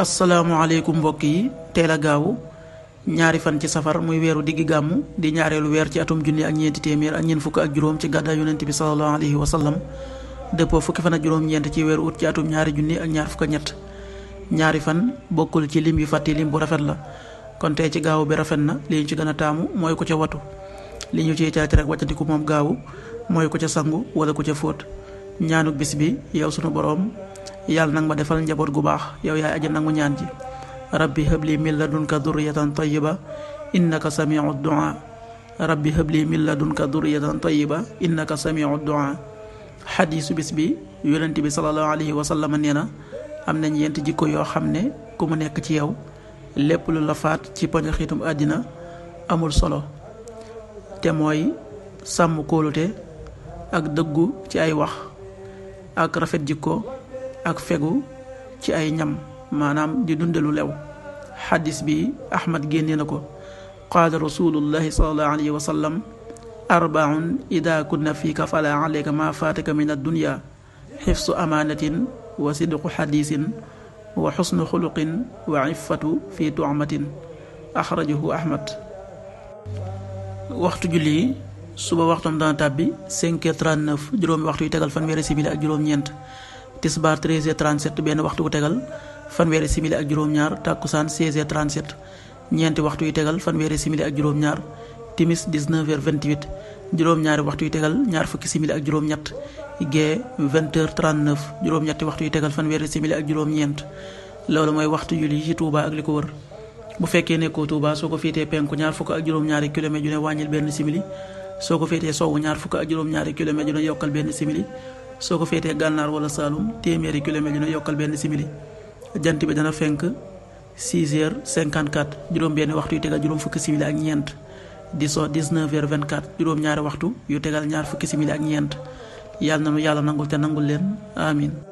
asalaamaaleykum mbokk yi teel a gaawu ñaari fan ci safar muy weeru diggi gàmmu di ñaareelu weer ci atum junni ak ñeenti téeméer ak ñeent fukk ak juróom ci gàddaa yonent bi sallallahu alayhi wa sallam dëppoo fukki fan ak juróom-ñeent ci weeru ut ci atum ñaari junni ak ñaar fukk ak ñett ñaari fan bokkul ci lim yu fàtti lim bu rafet la kon tey ci gaawu bi rafet na li ci gën a mooy ku ca watu li ñu ciy caati rek wàccandiku moom gaawu mooy ku ca sangu wala ku ca fóot ñaanuk bis bi yow sunu boroom yàlla nag ma defal njaboot gu baax yow yaay aji nangu ñaan ji rabbi habli min ladunka durriyatan tayyiba innaka samiu duaa rabbi habli min ladunka durriyatan tayyiba innaka samiu duaa xadiisu subis bi yonent bi sallallahu alayhi wa sallam nee na am nañ ñeenti jikko yoo xam ne ku mu nekk ci yow lépp lu la faat ci poñu xiitum àddina amul solo te mooy sàmm kóolute ak dëggu ci ay wax ak rafet jikko ak fegu ci ay ñam maanaam di dundelu lew xadis bi ahmad génne na ko qaala rasulullahi salallahu alayhi wa sallam arbaun ida kunna fiika fala alayka ma faataka min addunya waxtu dana tàbbi 5 waxtu yu tegal fanweeri simili ak juróom-ñeent tisbaar 13h37 benn waxtu wu tegal fanweeri simili ak juróom-ñaar tàkkusaan 16h37 ñeenti waxtu yu tegal fanweeri simili ak juróom-ñaar timis 19h28 juróom-ñaari waxtu yu tegal ñaar fukki simili ak juróom-ñett gee 20h39 juróom-ñetti waxtu yu tegal fanweeri simili ak juróom-ñeent loolu mooy waxtu julli ci Touba ak li ko wër. bu fekkee nekkoo Touba soo ko féetee penku ñaar fukk ak juróom-ñaari kilomètre yu ne wàññil benn simili soo ko féetee sowwu ñaar fukk ak juróom-ñaari kilomètre yu ne yokkal benn simili. soo ko féetee gànnaar wala saalum téeméeri kilomètres dina yokkal benn simili jant bi dana fenk 6 heures 54 juróom benn waxtu yu tegal juróom fukki simili ak ñeent di so 19 heures 24 juróom ñaari waxtu yu tegal ñaar fukki simili ak ñeent yàlla na nu yàlla nangul te nangul leen amin